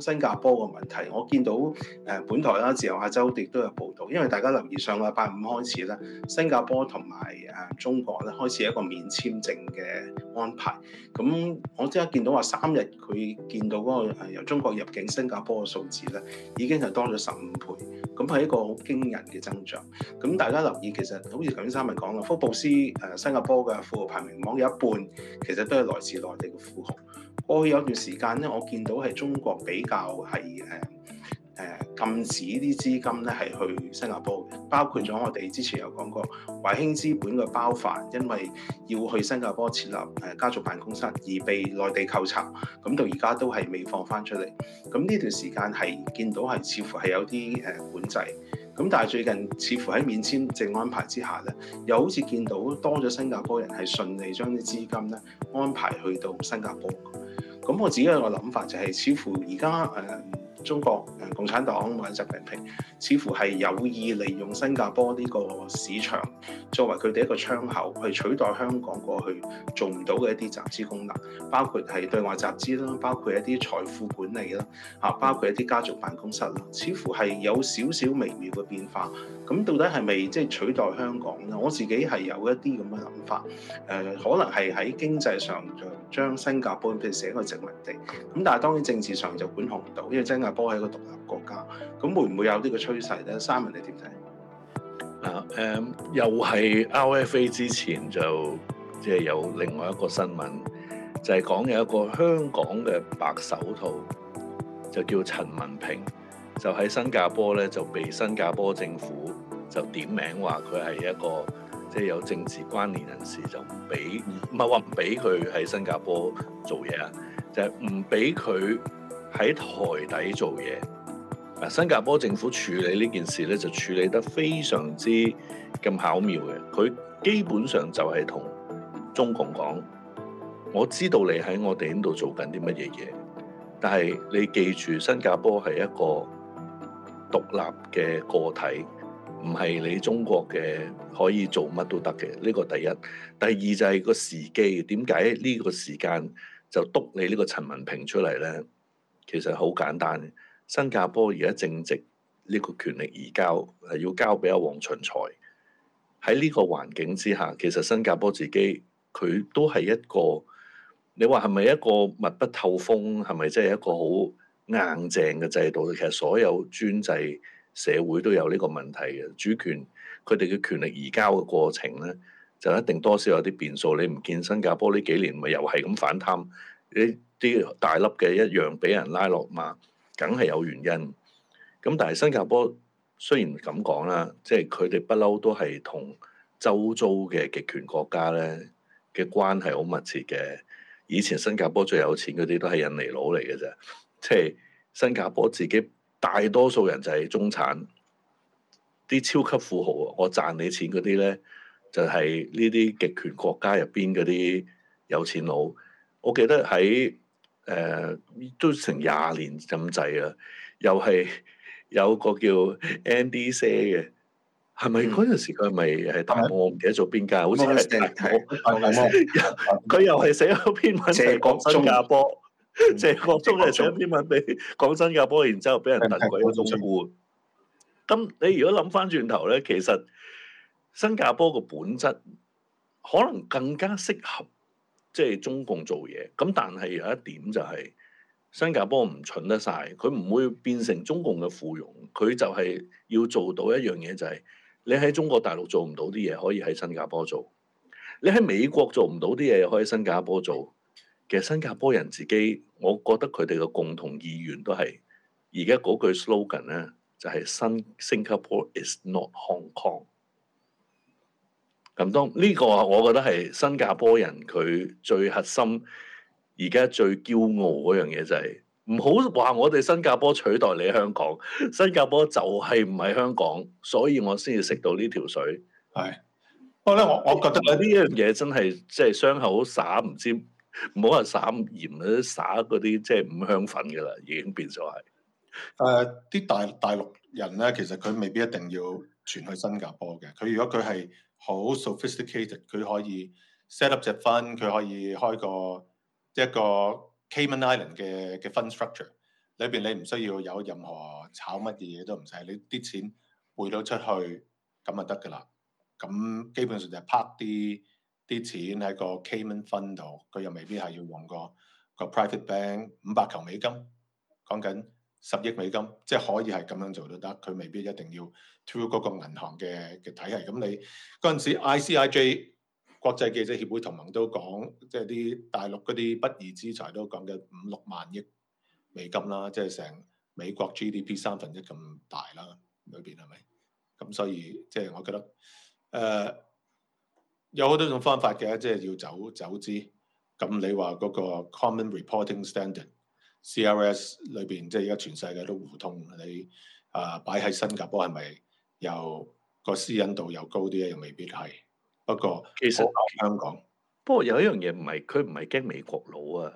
新加坡嘅問題，我見到誒本台啦，《自由亞洲》亦都有報道，因為大家留意上個禮拜五開始咧，新加坡同埋誒中國咧開始一個免簽證嘅安排。咁我即刻見到話三日佢見到嗰、嗰個由中國入境新加坡嘅數字咧，已經係多咗十五倍，咁係一個好驚人嘅增長。咁大家留意，其實好似頭先三日講啦，福布斯誒新加坡嘅富豪排名榜有一半其實都係來自內地嘅富豪。過去有一段時間咧，我見到係中國比較係誒誒禁止啲資金咧係去新加坡，包括咗我哋之前有講過華興資本嘅包凡，因為要去新加坡設立誒家族辦公室而被內地扣查，咁到而家都係未放翻出嚟。咁呢段時間係見到係似乎係有啲誒、呃、管制，咁但係最近似乎喺免簽證安排之下咧，又好似見到多咗新加坡人係順利將啲資金咧安排去到新加坡。咁我自己有個諗法、就是，就係似乎而家誒中國誒共產黨或者習近平、平，似乎係有意利用新加坡呢個市場作為佢哋一個窗口，去取代香港過去做唔到嘅一啲集資功能，包括係對外集資啦，包括一啲財富管理啦，嚇、啊，包括一啲家族辦公室啦，似乎係有少少微妙嘅變化。咁到底係咪即係取代香港咧？我自己係有一啲咁嘅諗法，誒、呃，可能係喺經濟上將新加坡變成一個殖民地，咁但係當然政治上就管控唔到，因為新加坡係一個獨立國家。咁會唔會有呢個趨勢咧？三文你點睇？嗱誒、啊嗯，又係 RFA 之前就即係有另外一個新聞，就係、是、講有一個香港嘅白手套，就叫陳文平，就喺新加坡咧就被新加坡政府就點名話佢係一個。即係有政治關聯人士就唔俾，唔係話唔俾佢喺新加坡做嘢啊，就係唔俾佢喺台底做嘢。嗱，新加坡政府處理呢件事咧，就處理得非常之咁巧妙嘅。佢基本上就係同中共講，我知道你喺我哋呢度做緊啲乜嘢嘢，但係你記住，新加坡係一個獨立嘅個體。唔係你中國嘅可以做乜都得嘅，呢個第一。第二就係個時機，點解呢個時間就篤你呢個陳文平出嚟呢？其實好簡單。新加坡而家正值呢個權力移交，係要交俾阿黃循財。喺呢個環境之下，其實新加坡自己佢都係一個，你話係咪一個密不透風？係咪即係一個好硬淨嘅制度？其實所有專制社會都有呢個問題嘅主權，佢哋嘅權力移交嘅過程呢，就一定多少有啲變數。你唔見新加坡呢幾年咪又係咁反貪，呢啲大粒嘅一樣俾人拉落馬，梗係有原因。咁但係新加坡雖然咁講啦，即係佢哋不嬲都係同周遭嘅極權國家呢嘅關係好密切嘅。以前新加坡最有錢嗰啲都係印尼佬嚟嘅啫，即係新加坡自己。大多數人就係中產，啲超級富豪啊，我賺你錢嗰啲咧，就係呢啲極權國家入邊嗰啲有錢佬。我記得喺誒、呃、都成廿年咁滯啊。又係有個叫 Andy Sir 嘅，係咪嗰陣時佢咪係大埔？我唔記得咗邊間，好似佢又係寫咗篇文，係講新加坡。即係國中咧，送啲文俾講新加坡，然之後俾人突鬼到一半。咁你如果諗翻轉頭咧，其實新加坡個本質可能更加適合即係、就是、中共做嘢。咁但係有一點就係、是、新加坡唔蠢得晒，佢唔會變成中共嘅附庸。佢就係要做到一樣嘢，就係、是、你喺中國大陸做唔到啲嘢，可以喺新加坡做；你喺美國做唔到啲嘢，可以喺新加坡做。其實新加坡人自己，我覺得佢哋嘅共同意願都係而家嗰句 slogan 咧，就係、是、新 Singapore is not Hong Kong。咁當呢個，我覺得係新加坡人佢最核心而家最驕傲嗰樣嘢，就係唔好話我哋新加坡取代你香港，新加坡就係唔係香港，所以我先至食到呢條水。係，不過咧，我我覺得呢樣嘢真係即係傷口灑唔知。唔好話撒鹽嗰撒嗰啲，即係五香粉嘅啦，已經變咗係。誒、呃，啲大大陸人咧，其實佢未必一定要傳去新加坡嘅。佢如果佢係好 sophisticated，佢可以 set up 隻 fund，佢可以開個一個，個 Cayman Island 嘅嘅 fund structure，裏邊你唔需要有任何炒乜嘢嘢都唔使，你啲錢匯到出去咁就得噶啦。咁基本上就係 park 啲。啲錢喺個 Cayman fund 度，佢又未必係要換個個 private bank 五百球美金，講緊十億美金，即係可以係咁樣做都得，佢未必一定要 through 嗰個銀行嘅嘅體系。咁你嗰陣時 ICIJ 國際記者協會同盟都講，即係啲大陸嗰啲不義之財都講嘅五六萬億美金啦，即係成美國 GDP 三分一咁大啦，裏邊係咪？咁所以即係我覺得誒。呃有好多種方法嘅，即係要走走資。咁你話嗰個 Common Reporting Standard（C.R.S.） 裏邊，即係而家全世界都互通。你啊擺喺新加坡係咪又、個私隱度又高啲？又未必係。不過其實香港，不過有一樣嘢唔係佢唔係驚美國佬啊，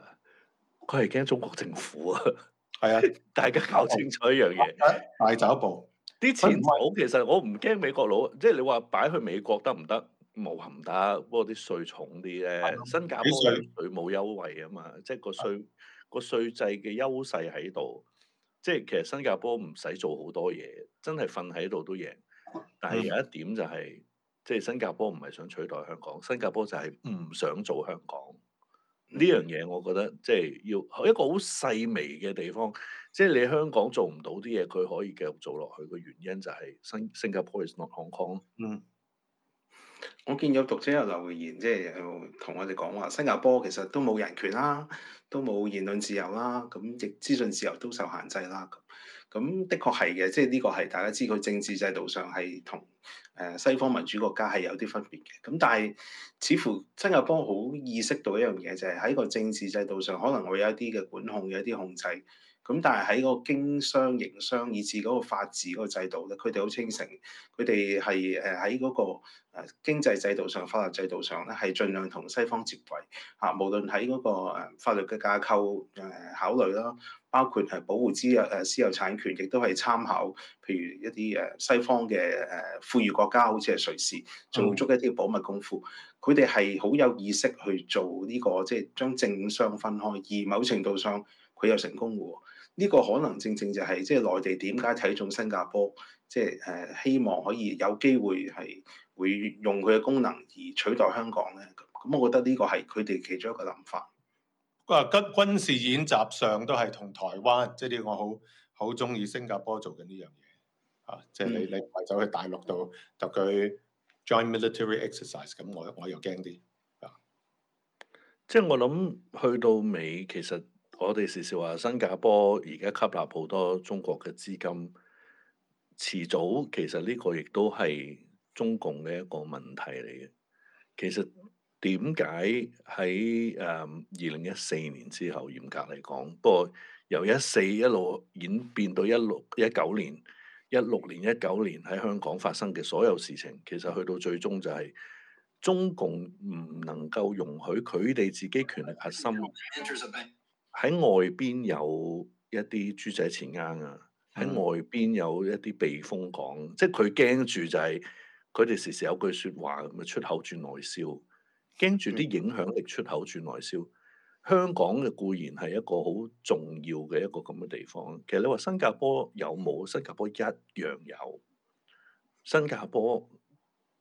佢係驚中國政府啊。係啊， 大家搞清楚一樣嘢，啊、大走步啲錢走。是其實我唔驚美國佬，即、就、係、是、你話擺去美國得唔得？冇含打不過啲稅重啲咧。嗯、新加坡佢冇優惠啊嘛，嗯、即係個稅、嗯、個稅制嘅優勢喺度。即係其實新加坡唔使做好多嘢，真係瞓喺度都贏。但係有一點就係、是，即係、嗯、新加坡唔係想取代香港，新加坡就係唔想做香港。呢、嗯、樣嘢我覺得即係、就是、要一個好細微嘅地方，即係你香港做唔到啲嘢，佢可以繼續做落去嘅原因就係新加坡 is not Hong Kong。嗯。我見有讀者有留言，即係有同我哋講話，新加坡其實都冇人權啦，都冇言論自由啦，咁亦資訊自由都受限制啦。咁，咁的確係嘅，即係呢個係大家知佢政治制度上係同誒西方民主國家係有啲分別嘅。咁但係似乎新加坡好意識到一樣嘢，就係喺個政治制度上可能會有一啲嘅管控、有一啲控制。咁但係喺嗰個經商營商，以至嗰個法治嗰個制度咧，佢哋好清醒，佢哋係誒喺嗰個誒經濟制度上、法律制度上咧，係盡量同西方接軌嚇、啊。無論喺嗰個法律嘅架構誒考慮啦，包括係保護私有誒私有產權，亦都係參考譬如一啲誒西方嘅誒富裕國家，好似係瑞士，做足一啲保密功夫。佢哋係好有意識去做呢、這個，即係將政商分開，而某程度上佢又成功嘅喎。呢個可能正正就係、是、即係內地點解睇中新加坡，即係誒、呃、希望可以有機會係會用佢嘅功能而取代香港咧？咁，咁我覺得呢個係佢哋其中一個諗法。啊，軍軍事演習上都係同台灣，即係呢個我好好鍾意新加坡做緊呢樣嘢。啊，即係你、嗯、你走去大陸度同佢 join military exercise，咁我我又驚啲。啊，即係我諗去到尾其實。我哋時時話新加坡而家吸納好多中國嘅資金，遲早其實呢個亦都係中共嘅一個問題嚟嘅。其實點解喺誒二零一四年之後嚴格嚟講，不過由一四一路演變到一六一九年、一六年、一九年喺香港發生嘅所有事情，其實去到最終就係中共唔能夠容許佢哋自己權力核心。喺外邊有一啲豬仔錢啱啊！喺外邊有一啲避風港，即係佢驚住就係佢哋時時有句説話咁啊，出口轉內銷，驚住啲影響力出口轉內銷。香港嘅固然係一個好重要嘅一個咁嘅地方。其實你話新加坡有冇？新加坡一樣有。新加坡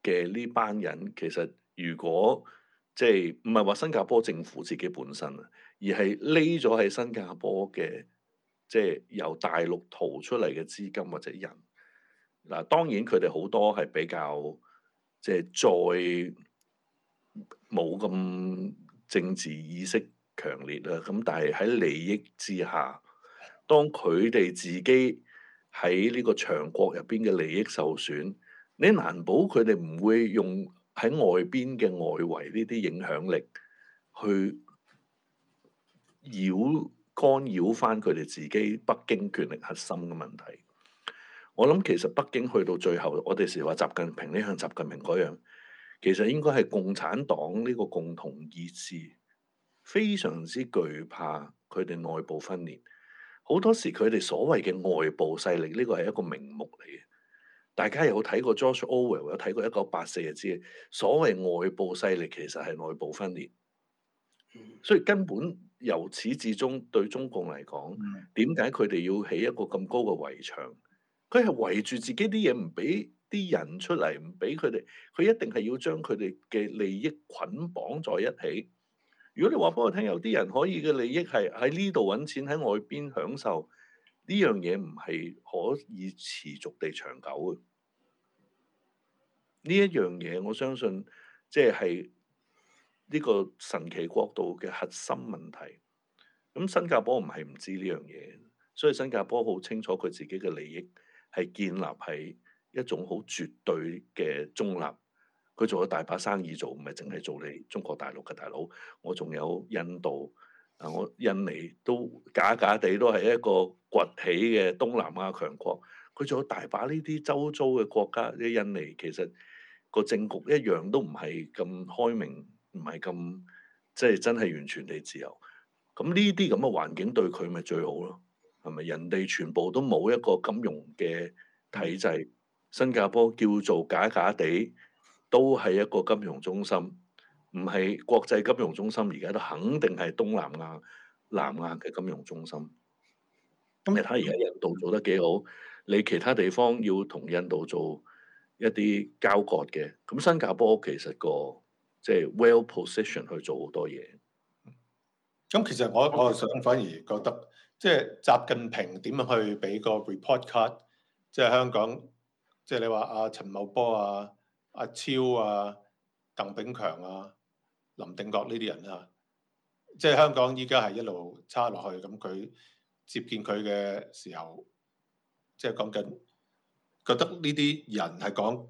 嘅呢班人其實，如果即係唔係話新加坡政府自己本身啊？而係匿咗喺新加坡嘅，即係由大陸逃出嚟嘅資金或者人。嗱，當然佢哋好多係比較，即係再冇咁政治意識強烈啦。咁但係喺利益之下，當佢哋自己喺呢個長國入邊嘅利益受損，你難保佢哋唔會用喺外邊嘅外圍呢啲影響力去。擾干擾翻佢哋自己北京權力核心嘅問題，我諗其實北京去到最後，我哋成日話習近平呢向習近平嗰樣，其實應該係共產黨呢個共同意志，非常之懼怕佢哋內部分裂。好多時佢哋所謂嘅外部勢力，呢個係一個名目嚟嘅。大家有睇過 George Orwell 有睇過一九八四就知，所謂外部勢力其實係內部分裂，所以根本。由始至終對中共嚟講，點解佢哋要起一個咁高嘅圍牆？佢係圍住自己啲嘢，唔俾啲人出嚟，唔俾佢哋。佢一定係要將佢哋嘅利益捆綁在一起。如果你話俾我聽，有啲人可以嘅利益係喺呢度揾錢，喺外邊享受呢樣嘢，唔係可以持續地長久嘅。呢一樣嘢，我相信即係。呢個神奇國度嘅核心問題，咁新加坡唔係唔知呢樣嘢，所以新加坡好清楚佢自己嘅利益係建立喺一種好絕對嘅中立。佢做咗大把生意做，唔係淨係做你中國大陸嘅大佬。我仲有印度啊，我印尼都假假地都係一個崛起嘅東南亞強國。佢仲有大把呢啲周遭嘅國家，啲印尼其實個政局一樣都唔係咁開明。唔係咁，即係真係完全地自由。咁呢啲咁嘅環境對佢咪最好咯，係咪？人哋全部都冇一個金融嘅體制？新加坡叫做假假地都係一個金融中心，唔係國際金融中心。而家都肯定係東南亞、南亞嘅金融中心。咁你睇而家印度做得幾好？你其他地方要同印度做一啲交割嘅，咁新加坡其實個。即係 well position 去做好多嘢。咁其實我我想反而覺得，即係習近平點樣去俾個 report card？即係香港，即係你話阿陳茂波啊、阿、啊、超啊、鄧炳強啊、林定國呢啲人啊，即係香港依家係一路差落去，咁佢接見佢嘅時候，即係講緊覺得呢啲人係講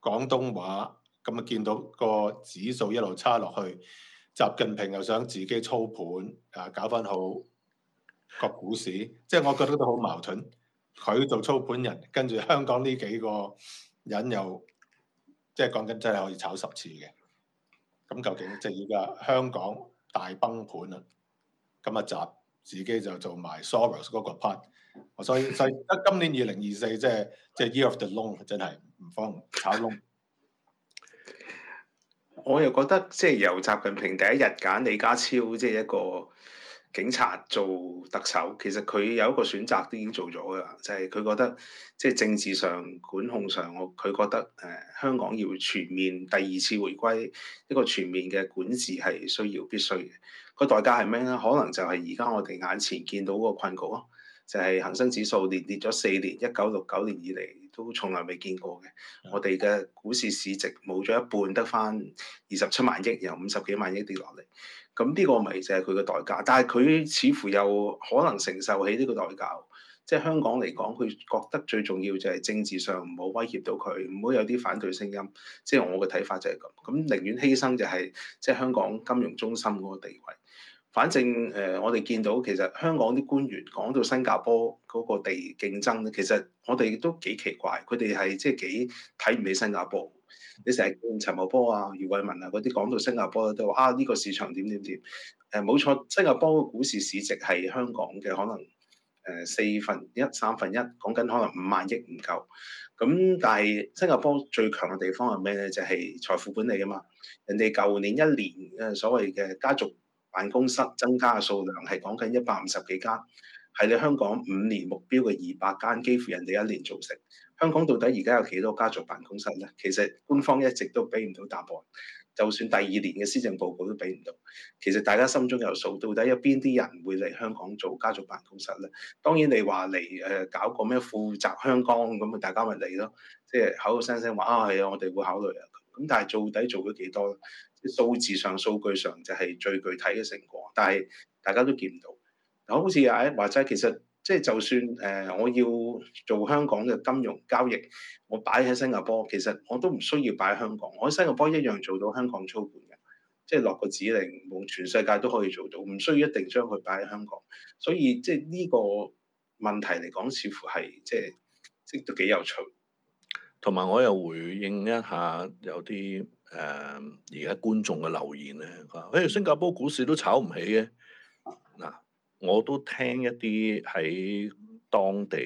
廣東話。咁啊，見到個指數一路差落去，習近平又想自己操盤，啊，搞翻好個股市，即係我覺得都好矛盾。佢做操盤人，跟住香港呢幾個人又即係講緊真係可以炒十次嘅。咁究竟即係而家香港大崩盤啊。咁啊，習自己就做埋 Soros 嗰個 part，所以所以今年二零二四即係即係 Year of the Long，真係唔慌炒燶。我又覺得即係由習近平第一日揀李家超，即係一個警察做特首，其實佢有一個選擇都已經做咗㗎，就係、是、佢覺得即係政治上管控上，我佢覺得誒、呃、香港要全面第二次回歸一個全面嘅管治係需要必須嘅。個代價係咩咧？可能就係而家我哋眼前見到個困局咯，就係、是、恒生指數連跌咗四年，一九六九年以嚟，都從來未見過嘅，我哋嘅股市市值冇咗一半，得翻二十七萬億，然後五十幾萬億跌落嚟。咁呢個咪就係佢嘅代價，但係佢似乎又可能承受起呢個代價。即係香港嚟講，佢覺得最重要就係政治上唔好威脅到佢，唔好有啲反對聲音。即係我嘅睇法就係咁，咁寧願犧牲就係、是、即係香港金融中心嗰個地位。反正誒、呃，我哋見到其實香港啲官員講到新加坡嗰個地競爭咧，其實我哋都幾奇怪，佢哋係即係幾睇唔起新加坡。你成日見陳茂波啊、余偉文啊嗰啲講到新加坡都話啊，呢、呢個市場點點點誒，冇錯，新加坡嘅股市市值係香港嘅可能誒四分一、三分一，講緊可能五萬億唔夠。咁但係新加坡最強嘅地方係咩咧？就係、係、財富管理㗎嘛。人哋舊年一年誒所謂嘅家族。辦公室增加嘅數量係講緊一百五十幾間，係你香港五年目標嘅二百間，幾乎人哋一年做成。香港到底而家有幾多家族辦公室呢？其實官方一直都俾唔到答案，就算第二年嘅施政報告都俾唔到。其實大家心中有數，到底有邊啲人會嚟香港做家族辦公室呢？當然你話嚟誒搞個咩負責香港咁，大家咪嚟咯。即係口口聲聲話啊係啊，我哋會考慮啊，咁但係到底做咗幾多？數字上、數據上就係最具體嘅成果，但係大家都見唔到。嗱，好似誒話齋，其實即係就算誒，我要做香港嘅金融交易，我擺喺新加坡，其實我都唔需要擺喺香港，我喺新加坡一樣做到香港操盤嘅，即係落個指令，全世界都可以做到，唔需要一定將佢擺喺香港。所以即係呢個問題嚟講，似乎係即係即都幾有趣。同埋我又回應一下有，有啲。誒而家觀眾嘅留言咧，佢話：，誒、欸、新加坡股市都炒唔起嘅。嗱，我都聽一啲喺當地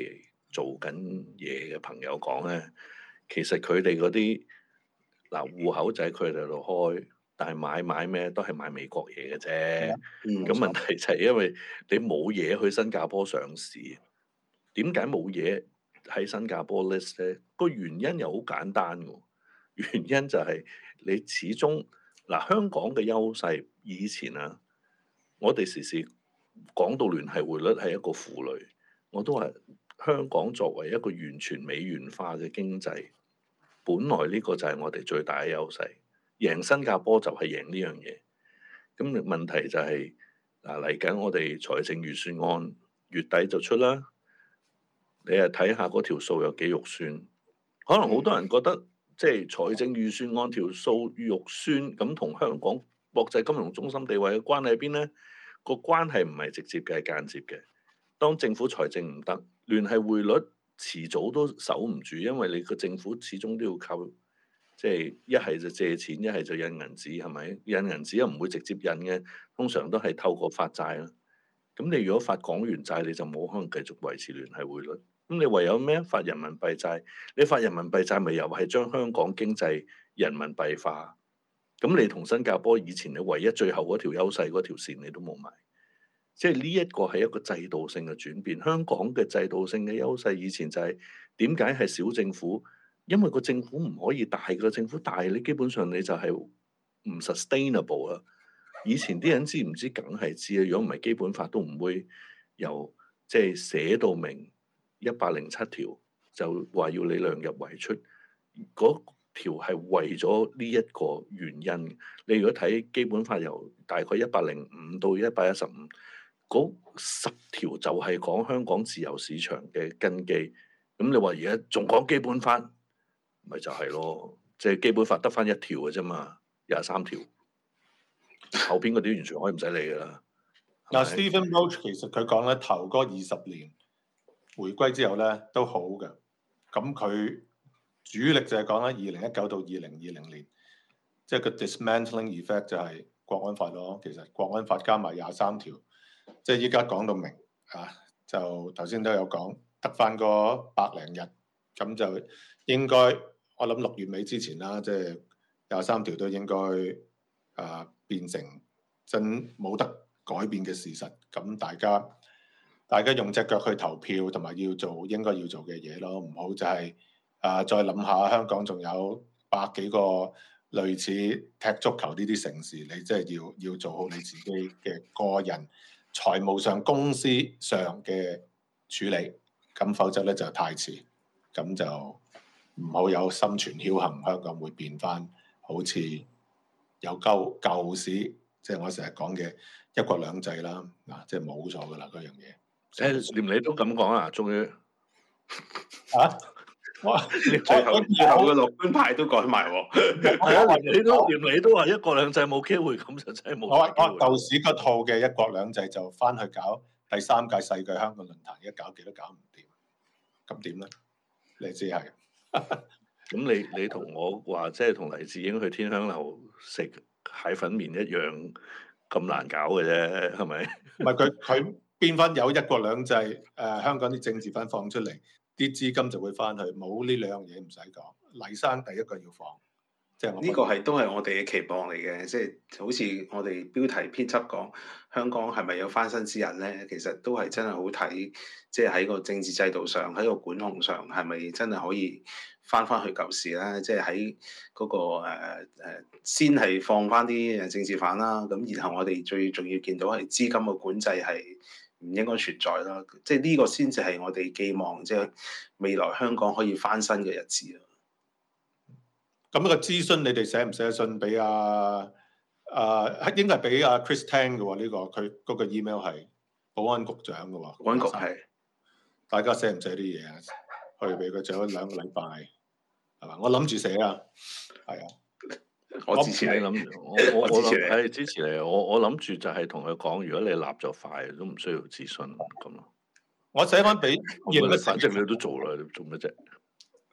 做緊嘢嘅朋友講咧，其實佢哋嗰啲嗱戶口仔佢哋喺度開，但係買買咩都係買美國嘢嘅啫。咁、嗯嗯、問題就係因為你冇嘢去新加坡上市，點解冇嘢喺新加坡 list 咧？個原因又好簡單喎。原因就係你始終嗱香港嘅優勢，以前啊，我哋時時講到聯繫匯率係一個負累，我都話香港作為一個完全美元化嘅經濟，本來呢個就係我哋最大嘅優勢，贏新加坡就係贏呢樣嘢。咁問題就係嗱嚟緊，我哋財政預算案月底就出啦，你呀睇下嗰條數有幾肉酸，可能好多人覺得。即係財政預算案條數預算，咁同香港國際金融中心地位嘅關係喺邊呢？個關係唔係直接嘅，係間接嘅。當政府財政唔得，聯繫匯率遲早都守唔住，因為你個政府始終都要靠，即係一係就借錢，一係就印銀紙，係咪？印銀紙又唔會直接印嘅，通常都係透過發債咯。咁你如果發港元債，你就冇可能繼續維持聯繫匯率。咁你唯有咩？發人民幣債，你發人民幣債咪又係將香港經濟人民幣化？咁你同新加坡以前嘅唯一最後嗰條優勢嗰條線，你都冇埋。即係呢一個係一個制度性嘅轉變。香港嘅制度性嘅優勢，以前就係點解係小政府？因為個政府唔可以大。個政府大你基本上你就係唔 sustainable 啦。以前啲人知唔知？梗係知啊，如果唔係基本法都唔會由即係、就是、寫到明。一百零七條就話要你量入為出，嗰條係為咗呢一個原因。你如果睇基本法由大概一百零五到一百一十五，嗰十條就係講香港自由市場嘅根基。咁你話而家仲講基本法，咪就係咯，即係基本法得翻一條嘅啫嘛，廿三條後邊嗰啲完全可以唔使理噶啦。嗱 Now，Stephen Roach 其實佢講咧頭嗰二十年。回歸之後咧都好嘅，咁佢主力就係講咧二零一九到二零二零年，即係個 dismantling effect 就係國安法咯。其實國安法加埋廿三條，即係依家講到明啊，就頭先都有講得翻個百零日，咁就應該我諗六月尾之前啦，即係廿三條都應該啊變成真冇得改變嘅事實，咁大家。大家用隻腳去投票，同埋要做應該要做嘅嘢咯。唔好就係、是、啊、呃，再諗下香港仲有百幾個類似踢足球呢啲城市，你即係要要做好你自己嘅個人財務上、公司上嘅處理。咁否則咧就太遲，咁就唔好有心存僥倖。香港會變翻好似有舊舊時，即、就、係、是、我成日講嘅一國兩制啦。嗱，即係冇咗㗎喇嗰樣嘢。誒、哎，連你都咁講啊，終於啊，我 最後我以後嘅樂觀派都改埋，你 都連你都話我一國兩制冇機會，咁就真係冇。我我舊時套嘅一國兩制就返去搞第三屆世界香港論壇，一搞幾都搞唔掂，咁點咧？你知係，咁 你你同我話即係同黎智英去天香樓食蟹粉麵一樣咁難搞嘅啫，係咪？唔係佢佢。變翻有一國兩制，誒、呃、香港啲政治犯放出嚟，啲資金就會翻去。冇呢兩樣嘢唔使講，黎生第一個要放，即係呢個係都係我哋嘅期望嚟嘅，即係好似我哋標題編輯講香港係咪有翻身之人咧？其實都係真係好睇，即係喺個政治制度上，喺個管控上係咪真係可以翻翻去舊時啦？即係喺嗰個誒、呃呃、先係放翻啲政治犯啦，咁然後我哋最重要見到係資金嘅管制係唔應該存在啦，即係呢個先至係我哋寄望，即係未來香港可以翻身嘅日子咯。咁個諮詢你哋寫唔寫信俾阿啊，啊，應該係俾阿 Chris 聽嘅喎。呢、這個佢嗰、那個 email 係保安局長嘅喎，保安局係。生的大家寫唔寫啲嘢啊？去俾佢做咗兩個禮拜係嘛？我諗住寫啊，係啊。我支持你諗， 我我我係支持你。我我諗住 就係同佢講，如果你立咗快，都唔需要諮詢，咁咯。我寫翻俾，反正你都做啦，做乜啫？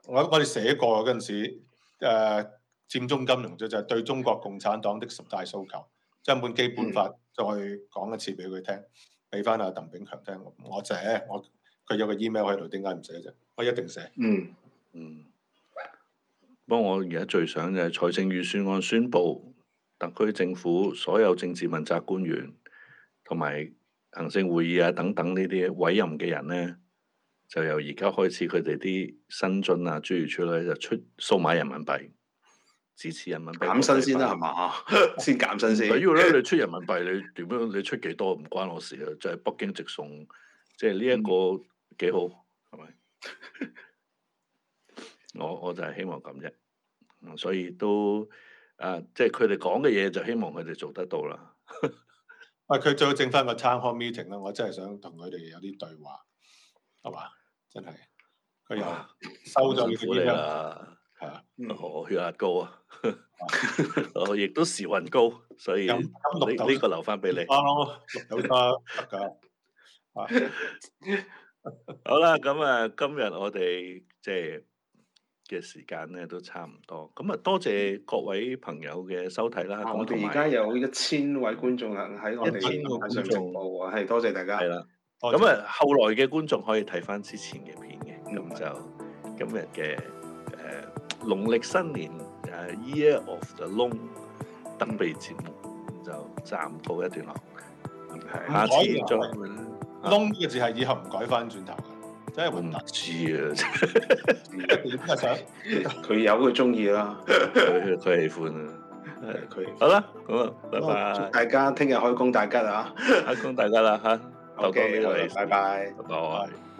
我我哋寫過嗰陣時，誒、啊，佔中金融啫，就係對中國共產黨的十大訴求，將、即係、本基本法、嗯、再講一次俾佢聽，俾翻阿鄧炳強聽。我寫，我佢有個 email 喺度，點解唔寫啫？我一定寫。嗯。嗯。不過我而家最想嘅係財政預算案宣佈，特區政府所有政治問責官員同埋行政會議啊等等呢啲委任嘅人咧，就由而家開始佢哋啲薪津啊、諸如此類就出數碼人民幣，支持人民幣減薪先啦，係嘛？先減薪先。 因為咧，你出人民幣，你點樣？你出幾多唔關我事啊！就係、是、北京直送，即係呢一個幾好，係咪、嗯？吧 我我就係希望咁啫，所以都啊，即係佢哋講嘅嘢就希望佢哋做得到啦。喂、 啊，佢再整翻個 time call meeting 啦，我真係想同佢哋有啲對話，係嘛吧？真係佢又收咗佢啲啦，係啊，啊我血壓高啊， 我亦都時運高，所以呢 個留翻俾你。哦、 好啦，咁啊，今日我哋即係， 嘅時間咧都差唔多，咁啊多謝各位朋友嘅收睇啦。我哋而家有一千位觀眾啦，喺我哋一千個觀眾，係多謝大家。係啦，咁啊後來嘅觀眾可以睇翻之前嘅片嘅，咁就今日嘅誒農曆新年誒 Year of the Long 登場節目就暫告一段落，係下次再會。Long 呢個字係以後唔改翻轉頭。真係好唔知啊！佢有佢中意啦，佢佢喜歡啦，啊，佢好啦，咁啊，拜拜！Oh, 大家聽日開工大吉啊！ 開工大吉啦嚇，OK，拜拜，拜拜。拜拜